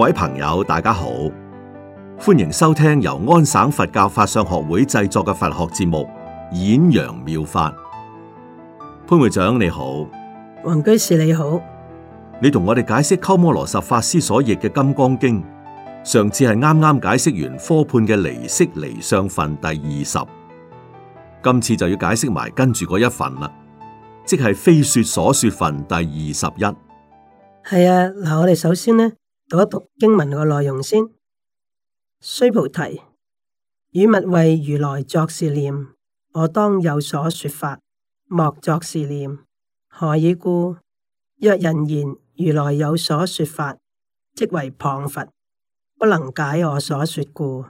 各位朋友，大家好，歡迎收聽由安省佛教法相學會製作嘅佛學節目《演揚妙法》。潘會長你好，黃居士你好，你同我哋解釋鳩摩羅什法師所譯嘅《金剛經》，上次係啱啱解釋完科判嘅離色離相分第二十，今次就要解釋埋跟住嗰一份啦，即係非說所說分第二十一。係啊，嗱，我哋首先呢？讀一讀經文個內容先。須菩提，汝勿謂如來作是念：我當有所說法，莫作是念。何以故？若人言如來有所說法，即為謗佛，不能解我所說故。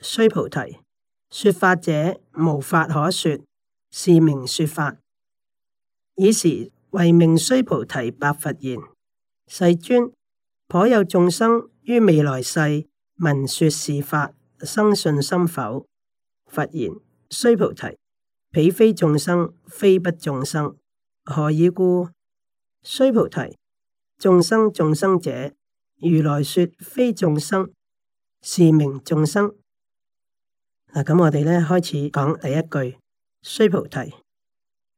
須菩提，說法者，無法可說，是名說法。爾時，慧命，須菩提，白佛言：世尊。頗有眾生於未來世聞說是法生信心否？佛言：須菩提，彼非眾生，非不眾生，何以故？須菩提，眾生眾生者，如來說非眾生，是名眾生。嗱，咁我哋咧開始講第一句。須菩提，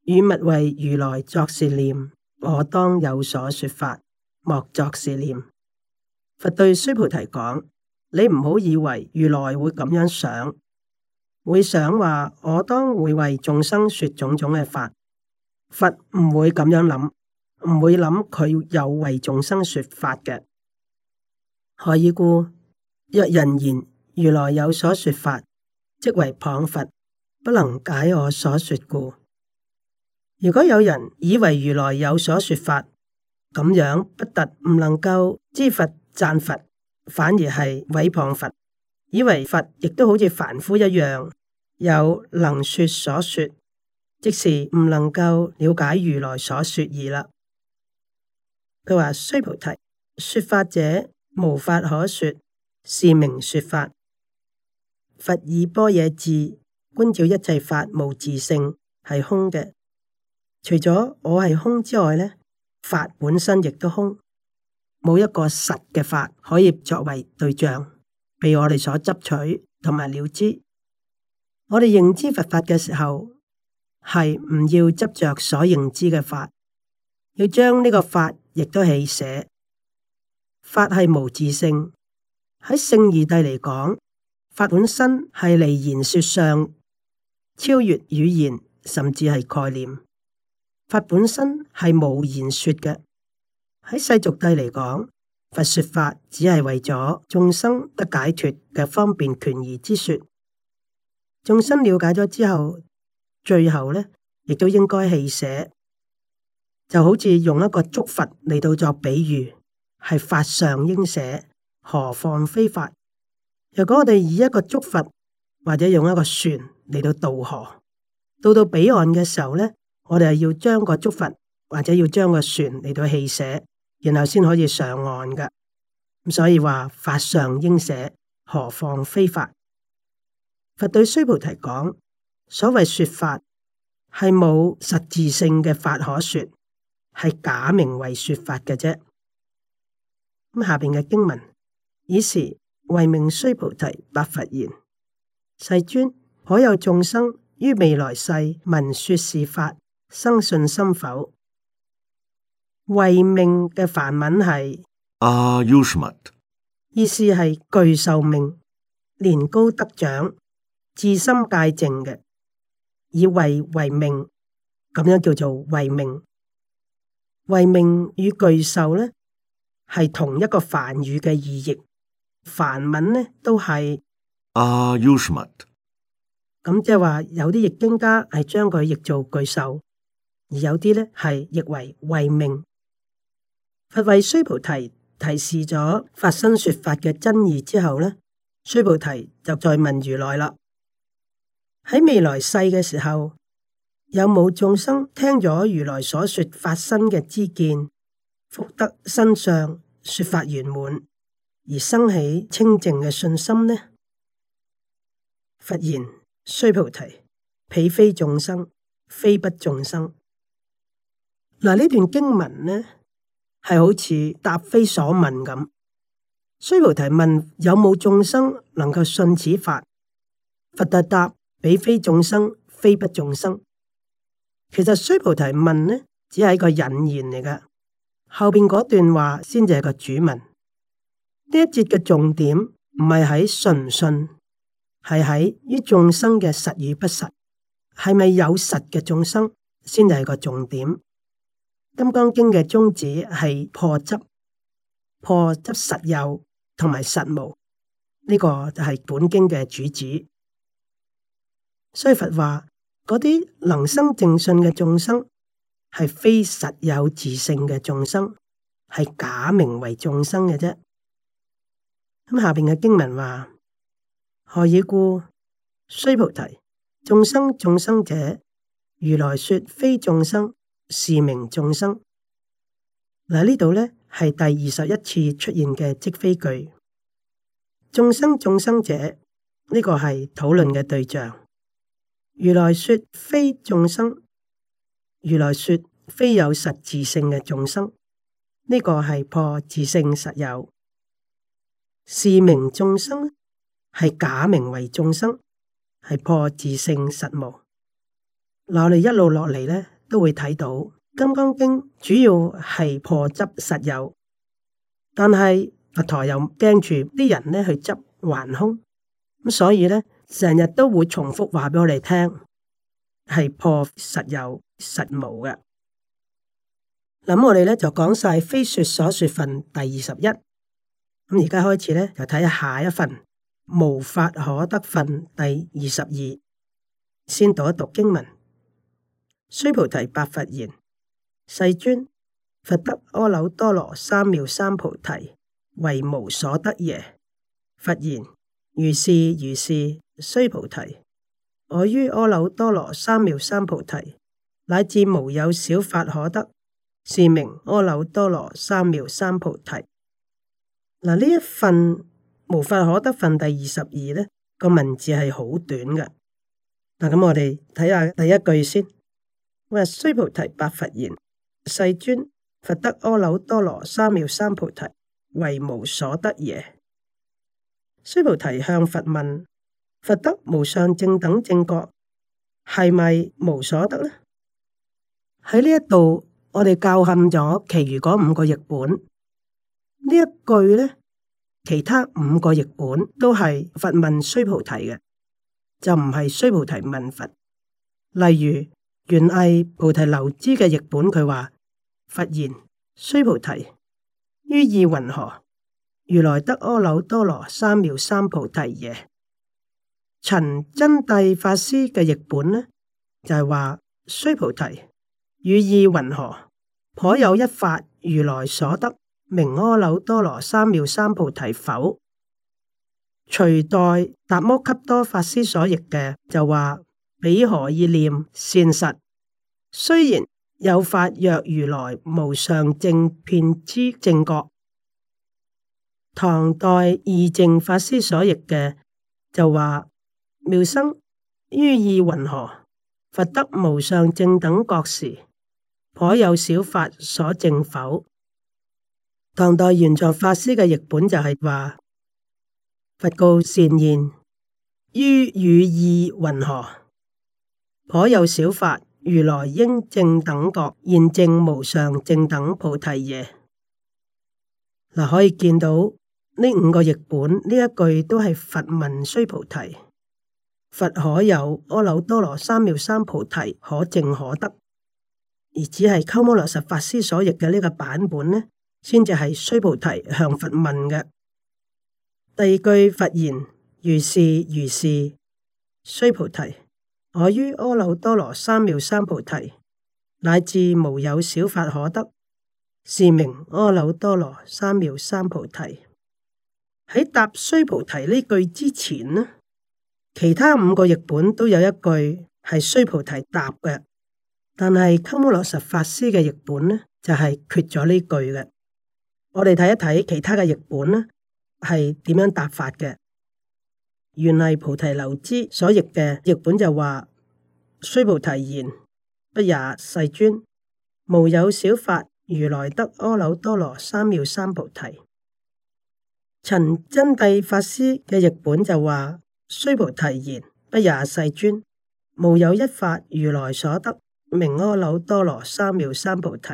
汝勿謂如來作是念，我當有所說法，莫作是念。佛對須菩提講：你唔好以為如來會咁樣想，會想話我當會為眾生說種種嘅法。佛唔會咁樣諗，唔會諗佢有為眾生說法嘅。何以故？若人言如來有所說法，即為謗佛，不能解我所說故。如果有人以為如來有所說法，咁樣不得唔能夠知佛。讚佛反而係毀謗佛，以為佛亦都好似凡夫一樣有能說所說，即是唔能夠了解如來所說義啦。佢話須菩提，說法者無法可說，是名說法。佛以般若智觀照一切法無自性，係空嘅。除咗我係空之外，呢法本身亦都空。冇一個實嘅法可以作為對象，被我哋所執取同埋了知。我哋認知佛法嘅時候，係唔要執着所認知嘅法，要將呢個法亦都起捨。法係無自性，喺聖義諦嚟講，法本身係離言說上超越語言，甚至係概念。法本身係無言說嘅。喺世俗諦嚟講，佛說法只係為咗眾生得解脱嘅方便權宜之說。眾生了解咗之後，最後咧亦都應該棄捨，就好似用一個竹筏嚟到作比喻，係法上應捨，何況非法？若果我哋以一個竹筏或者用一個船嚟到渡河，到到彼岸嘅時候咧，我哋係要將個竹筏或者要將個船嚟到棄捨。然後先可以上岸嘅，咁所以話法上應捨，何況非法？佛對須菩提講：所謂說法，係冇實質性嘅法可說，係假名為說法嘅啫。咁下邊嘅經文，以是為名。須菩提白佛言：世尊，可有眾生於未來世聞說是法，生信心否？慧命嘅梵文係阿 Ushmat，意思係具壽命、年高得長、自心戒淨嘅，以慧為命，咁樣叫做慧命。慧命與具壽咧係同一個梵語嘅意譯，梵文咧都係阿 Ushmat。咁、啊、us 即係話有啲譯經家係將佢譯做具壽，而有啲咧係譯為慧命。佛為須菩提提示咗法身說法嘅真義之後呢須菩提就再問如來喇：「喺未來世嘅時候，有冇眾生聽咗如來所說法身嘅知見，福德身相說法圓滿而生起清淨嘅信心呢？佛言：須菩提，彼非眾生，非不眾生。嗱，呢段經文呢？係好似答非所問咁，須菩提問有冇眾生能夠信此法？佛特答：彼非眾生，非不眾生。其實須菩提問呢，只係一個引言嚟㗎，後邊嗰段話先至係個主文。呢一節嘅重點唔係喺信唔信，係喺於眾生嘅實與不實，係咪有實嘅眾生先至係個重點。《金剛經》嘅宗旨係破執，破執實有同埋實無，呢個就係本經嘅主旨。所以佛話嗰啲能生正信嘅眾生係非實有自性嘅眾生，係假名為眾生嘅啫。咁下邊嘅經文話：何以故？須菩提，眾生眾生者，如來說非眾生。是名眾生，嗱呢度咧係第二十一次出現嘅即非句。眾生眾生者，呢個係討論嘅對象。如來說非眾生，如來說非有實自性嘅眾生，呢個係破自性實有。是名眾生，係假名為眾生，係破自性實無。嗱，我哋一路落嚟咧。都會睇到《金剛經》主要係破執實有，但係佛陀又驚住啲人咧去執還空，咁所以呢，成日都會重複話俾我哋聽，係破實有實無嘅。咁我哋呢就講晒非說所說分第二十一，咁而家開始呢，就睇下一份無法可得分第二十二，先讀一讀經文。須菩提白佛言：世尊，佛得阿耨多羅三藐三菩提，為無所得耶？佛言：如是如是，須菩提，我於阿耨多羅三藐三菩提，乃至無有少法可得，是名阿耨多羅三藐三菩提。嗱，呢一份無法可得份第二十二，呢個文字係好短嘅。嗱，咁我哋睇下第一句先。話須菩提白佛言：世尊，佛得阿耨多羅三藐三菩提，為無所得耶？須菩提向佛問，佛得無上正等正覺，係咪無所得呢？喺呢一度，我哋校勘咗其餘嗰五個譯本。呢一句呢，其他五個譯本都係佛問須菩提嘅，就唔係須菩提問佛。例如，元魏菩提流支嘅譯本，佢話：佛言，須菩提，於意云何？如來得阿耨多羅三藐三菩提耶？陳真諦法師嘅譯本呢，就係、是、話：須菩提，於意云何？頗有一法，如來所得名阿耨多羅三藐三菩提否？隋代達摩笈多、多法師所譯嘅，就話。彼何意念善實？雖然有法若如來無上正遍知正覺。唐代義淨法師所譯嘅就話：妙生於意云何？佛得無上正等覺時，頗有小法所證否？唐代玄奘法師嘅譯本就係話：佛告善言：於語意云何？頗有小法，如來應正等覺，現正無上正等菩提耶。嗱、啊，可以見到呢五個譯本呢，一句都係佛問須菩提，佛可有阿耨多羅三藐三菩提可證可得？而只係鳩摩羅什法師所譯嘅呢個版本呢，先至係須菩提向佛問嘅。第二句佛言：如是如是，須菩提。我於阿耨多羅三藐三菩提，乃至無有少法可得，是名阿耨多羅三藐三菩提。喺答須菩提呢句之前呢，其他五個譯本都有一句係須菩提答嘅，但係鳩摩羅什法師嘅譯本呢就係缺咗呢句嘅。我哋睇一睇其他嘅譯本呢係點樣答法嘅。原嚟菩提流支所譯嘅譯本就話：須菩提言，不也世尊，無有小法如來得阿耨多羅三藐三菩提。陳真諦法師嘅譯本就話：須菩提言，不也世尊，無有一法如來所得名阿耨多羅三藐三菩提。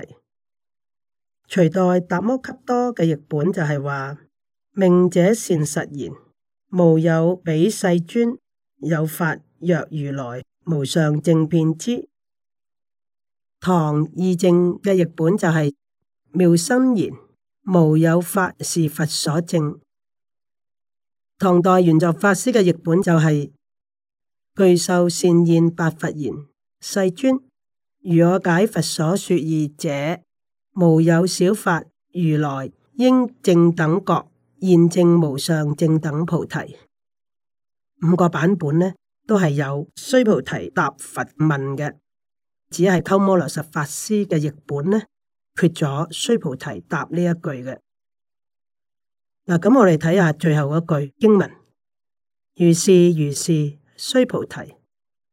隋代達摩笈多嘅譯本就係話：命者善實言。無有比世尊有法若如來無上正遍知。唐義正嘅譯本就係、是、妙心言，無有法是佛所證。唐代原覺法師嘅譯本就係、是、具受善現白佛言，世尊如我解佛所說義者，無有小法如來應正等覺。現證無上正等菩提，五個版本呢，都係有須菩提答佛問嘅，只係鳩摩羅什法師嘅譯本呢，缺咗須菩提答呢一句嘅。嗱，咁我哋睇下最後嗰句經文：如是如是，須菩提，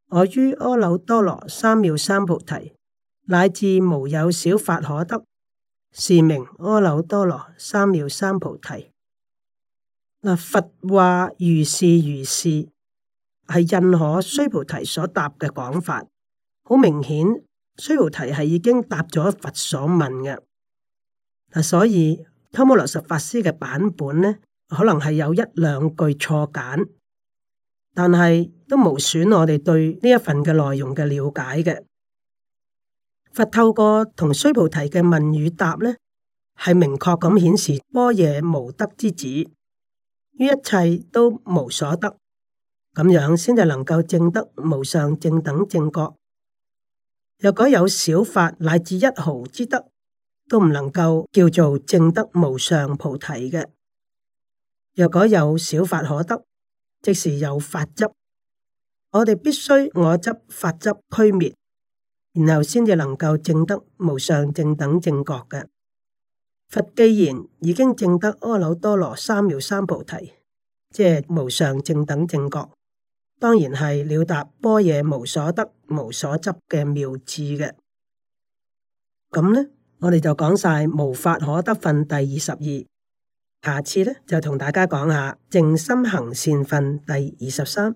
我於阿耨多羅三藐三菩提乃至無有少法可得，是名阿耨多羅三藐三菩提。佛話如是如是，係印可須菩提所答嘅講法，好明顯，須菩提係已經答咗佛所問嘅。所以鳩摩羅什法師嘅版本呢，可能係有一兩句錯簡，但係都無損我哋對呢一份嘅內容嘅了解嘅。佛透過同須菩提嘅問與答呢，係明確咁顯示般若無得之旨。於一切都無所得，咁樣先至能夠證得無上正等正覺。若果有少法乃至一毫之德，都唔能夠叫做證得無上菩提嘅。若果有少法可得，即是有法執。我哋必須我執法執俱滅，然後先至能夠證得無上正等正覺嘅。佛既然已經證得阿耨多羅三藐三菩提，即係無上正等正覺，當然係了達般若無所得、無所執嘅妙智嘅。咁呢，我哋就講晒無法可得分第二十二，下次呢就同大家講下淨心行善分第二十三。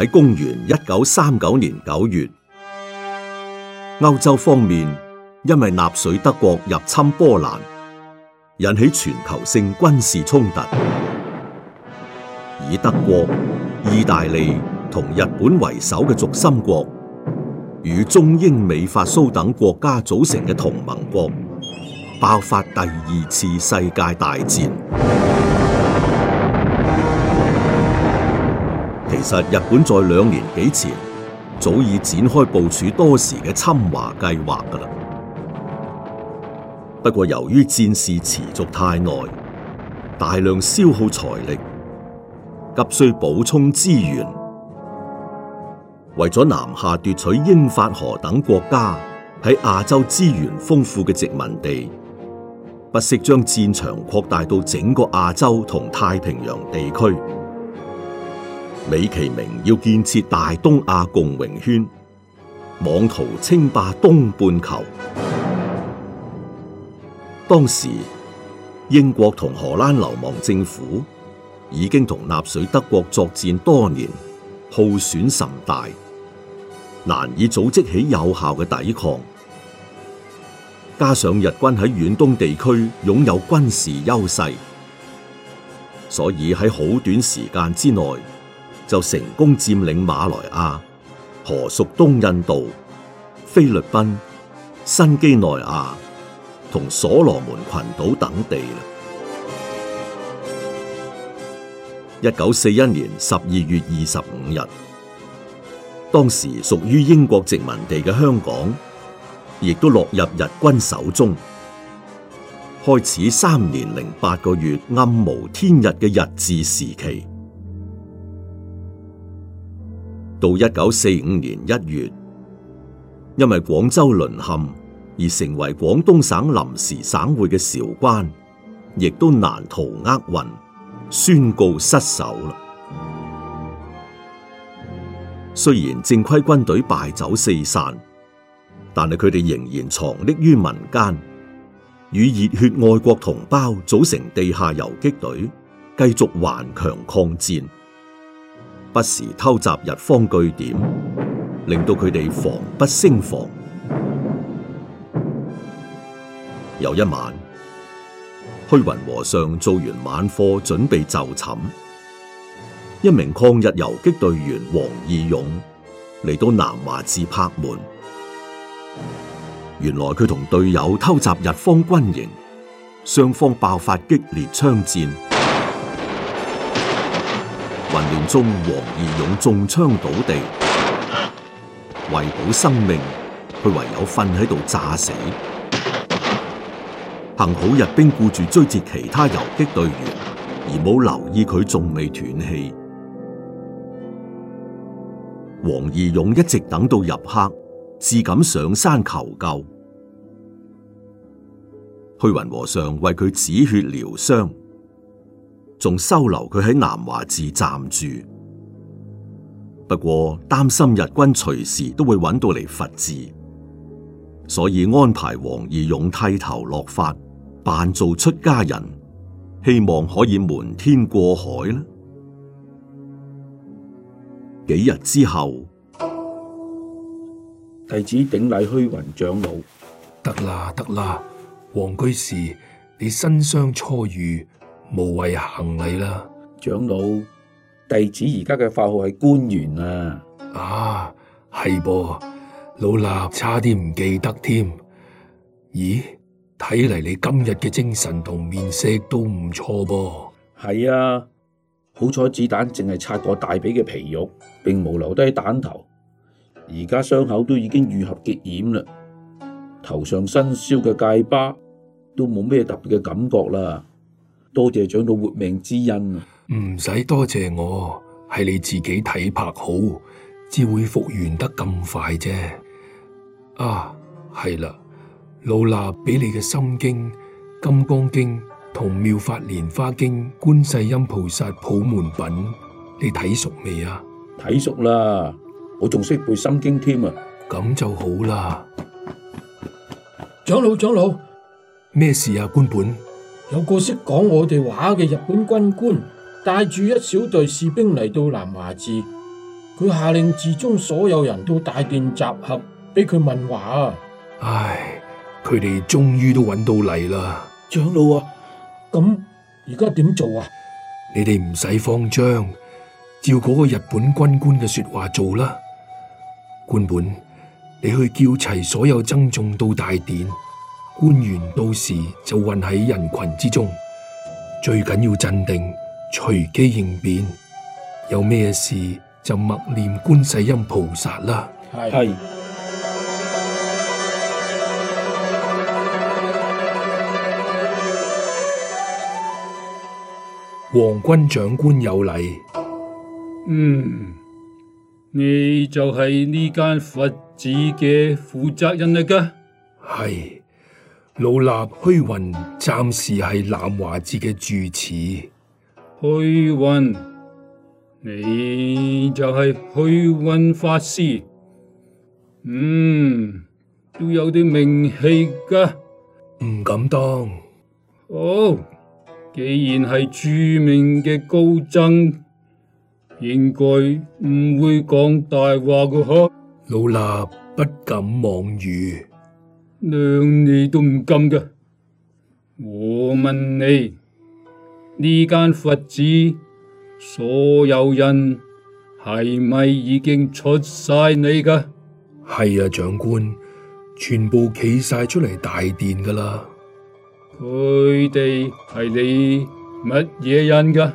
喺公元一九三九年九月，歐洲方面因為納粹德國入侵波蘭，引起全球性軍事衝突。以德國、意大利同日本為首嘅軸心國，與中英美法蘇等國家組成嘅同盟國，爆發第二次世界大戰。其實日本在兩年幾前早已展開部署多時嘅侵華計劃㗎喇。不過由於戰事持續太耐，大量消耗財力，急需補充資源，為咗南下奪取英法荷等國家喺亞洲資源豐富嘅殖民地，不惜將戰場擴大到整個亞洲同太平洋地區。李其明要建設大東亞共榮圈，妄圖稱霸東半球。當時英國同荷蘭流亡政府已經同納粹德國作戰多年，耗損甚大，難以組織起有效嘅抵抗。加上日軍喺遠東地區擁有軍事優勢，所以喺好短時間之內。就成功佔領馬來亞、荷屬東印度、菲律賓、新畿內亞同所羅門群島等地啦。一九四一年十二月二十五日，當時屬於英國殖民地嘅香港，亦都落入日軍手中，開始三年零八個月暗無天日嘅日治時期。到一九四五年一月，因為廣州淪陷而成為廣東省臨時省會嘅韶關，亦都難逃厄運，宣告失守啦。雖然正規軍隊敗走四散，但係佢哋仍然藏匿於民間，與熱血愛國同胞組成地下游擊隊，繼續頑強抗戰。不時偷襲日方據點，令到佢哋防不勝防。有一晚，虛雲和尚做完晚課，準備就寢，一名抗日游擊隊員黃義勇嚟到南華寺拍門。原來佢同隊友偷襲日方軍營，雙方爆發激烈槍戰。混亂中，黃義勇中槍倒地，為保生命，佢唯有瞓喺度詐死。幸好日兵顧住追截其他游擊隊員，而冇留意佢仲未斷氣。黃義勇一直等到入黑，至敢上山求救，虛云和尚為佢止血療傷。仲收留佢喺南華寺暫住，不過擔心日軍隨時都會搵到嚟佛寺所以安排黃義勇剃頭落髮，扮做出家人，希望可以瞞天過海咧。幾日之後，弟子頂禮虛雲長老。得啦得啦，黃居士，你身傷初愈。無謂行禮啦，長老，弟子而家嘅法號係觀緣啊！啊，係噃，老衲差啲唔記得添。咦，睇嚟，你今日嘅精神同面色都唔錯噃。係啊，好彩子彈淨係擦過大髀嘅皮肉，並冇留低喺彈頭。而家傷口都已經愈合結繭啦，頭上新燒嘅戒疤都冇咩特別嘅感覺啦。多謝長老活命之恩啊！唔使多謝我，係你自己體魄好，至會復原得咁快啫。啊，係啦，老衲俾你嘅《心經》《金剛經》同《妙法蓮花經》《觀世音菩薩普門品》你，你睇熟未啊？睇熟啦，我仲識背《心經》添啊！咁就好啦。長老，長老，咩事啊？官本？有個識講我哋話嘅日本軍官帶住一小隊士兵嚟到南華寺，佢下令寺中所有人到大殿集合，畀佢問話啊！唉，佢哋終於都揾到嚟啦！長老啊，咁而家點做啊？你哋唔使慌張，照嗰個日本軍官嘅說話做啦。官本，你去叫齊所有僧眾到大殿。官員到時就混喺人群之中，最緊要鎮定，隨機應變。有咩事就默念觀世音菩薩啦。係。皇軍長官有禮。嗯，你就係呢間佛寺嘅負責人嚟噶？係。老衲虛雲暫時係南華寺嘅住持。虛雲，你就係虛雲法師？嗯，都有啲名氣噶。唔敢當。好。哦，既然係著名嘅高僧，應該唔會講大話噶嗬？老衲不敢妄語。諒你都唔敢噶。我問你，呢間佛寺所有人係咪已經出晒你噶？係啊，長官，全部企晒出嚟，大殿噶啦。佢哋係你乜嘢人噶？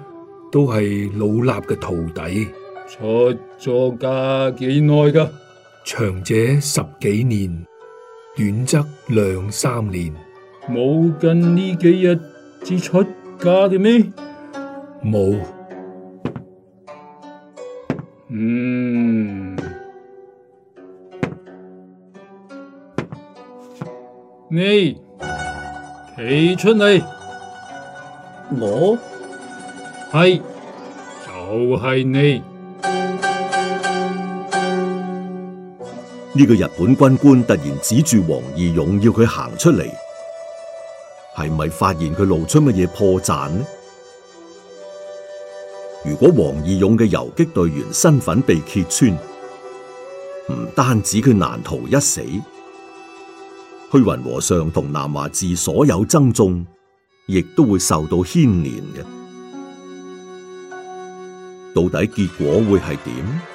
都係老衲嘅徒弟。出咗家幾耐噶？長者十幾年。短則兩三年，冇近呢幾日先出家嘅咩？冇有。嗯，你企出嚟，我係就係、是、你。呢個日本軍官突然指住黃義勇要，要佢行出嚟，係咪發現佢露出乜嘢破綻呢？如果黃義勇嘅游擊隊員身份被揭穿，唔單止佢難逃一死，虛雲和尚同南華寺所有僧眾，亦都會受到牽連嘅。到底結果會係點？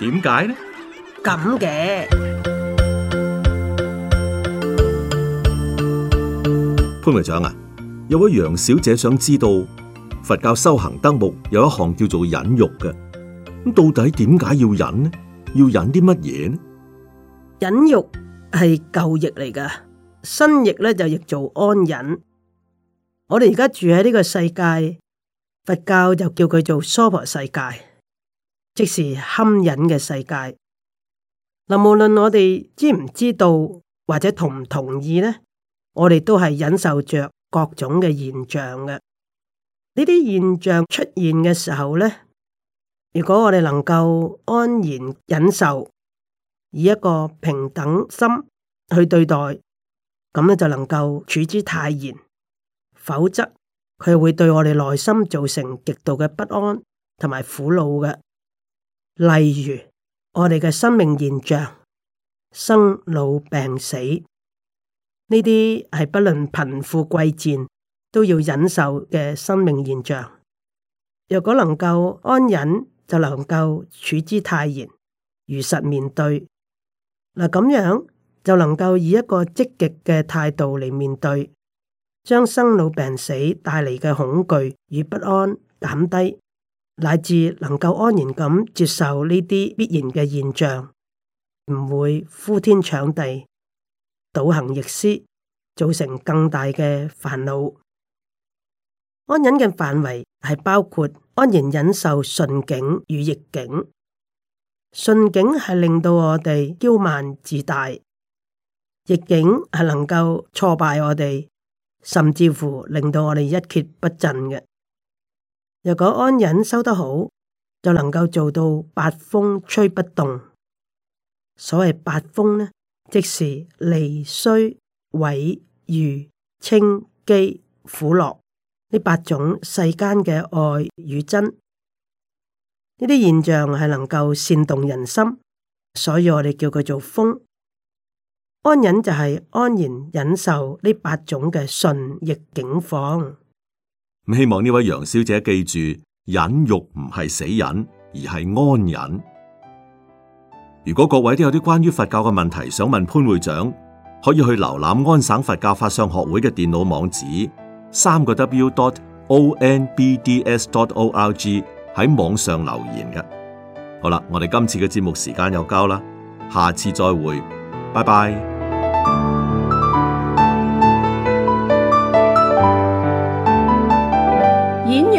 點解呢？咁嘅潘會長啊，有位楊小姐想知道佛教修行德目有一項叫做忍辱嘅，咁到底點解要忍呢？要忍啲乜嘢呢？忍辱係舊譯嚟噶，新譯咧就譯做安忍。我哋而家住喺呢個世界，佛教就叫佢做娑婆世界。即是堪忍嘅世界，嗱，無論我哋知唔知道，或者同唔同意呢，我哋都係忍受着各種嘅現象嘅。呢啲現象出現嘅時候呢，如果我哋能夠安然忍受，以一個平等心去對待，咁呢就能夠處之泰然。否則佢會對我哋內心造成極度嘅不安同埋苦惱嘅。例如，我哋嘅生命現象，生老病死，呢啲係不論貧富貴賤都要忍受嘅生命現象。若果能夠安忍，就能夠處之泰然，如實面對。嗱，咁樣就能夠以一個積極嘅態度嚟面對，將生老病死帶嚟嘅恐懼與不安減低。乃至能夠安然咁接受呢啲必然嘅現象，唔會呼天搶地、倒行逆施，造成更大嘅煩惱。安忍嘅範圍係包括安然忍受順境與逆境。順境係令到我哋驕慢自大，逆境係能夠挫敗我哋，甚至乎令到我哋一蹶不振嘅。若果安忍收得好，就能夠做到八風吹不動。所謂八風呢，即是利、衰、毀、譽、稱、譏、苦、樂呢八種世間嘅愛與憎，呢啲現象係能夠煽動人心，所以我哋叫佢做風。安忍就係安然忍受呢八種嘅順逆境況。咁希望呢位楊小姐記住，忍辱唔係死忍，而係安忍。如果各位都有啲關於佛教嘅問題想問潘會長，可以去瀏覽安省佛教法相學會嘅電腦網址，三個 w.dot.o.n.b.d.s.dot.o.r.g 喺網上留言嘅。好啦，我哋今次嘅節目時間又到啦，下次再會，拜拜。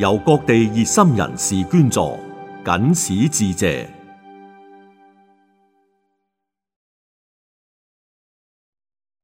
由各地熱心人士捐助，謹此致謝。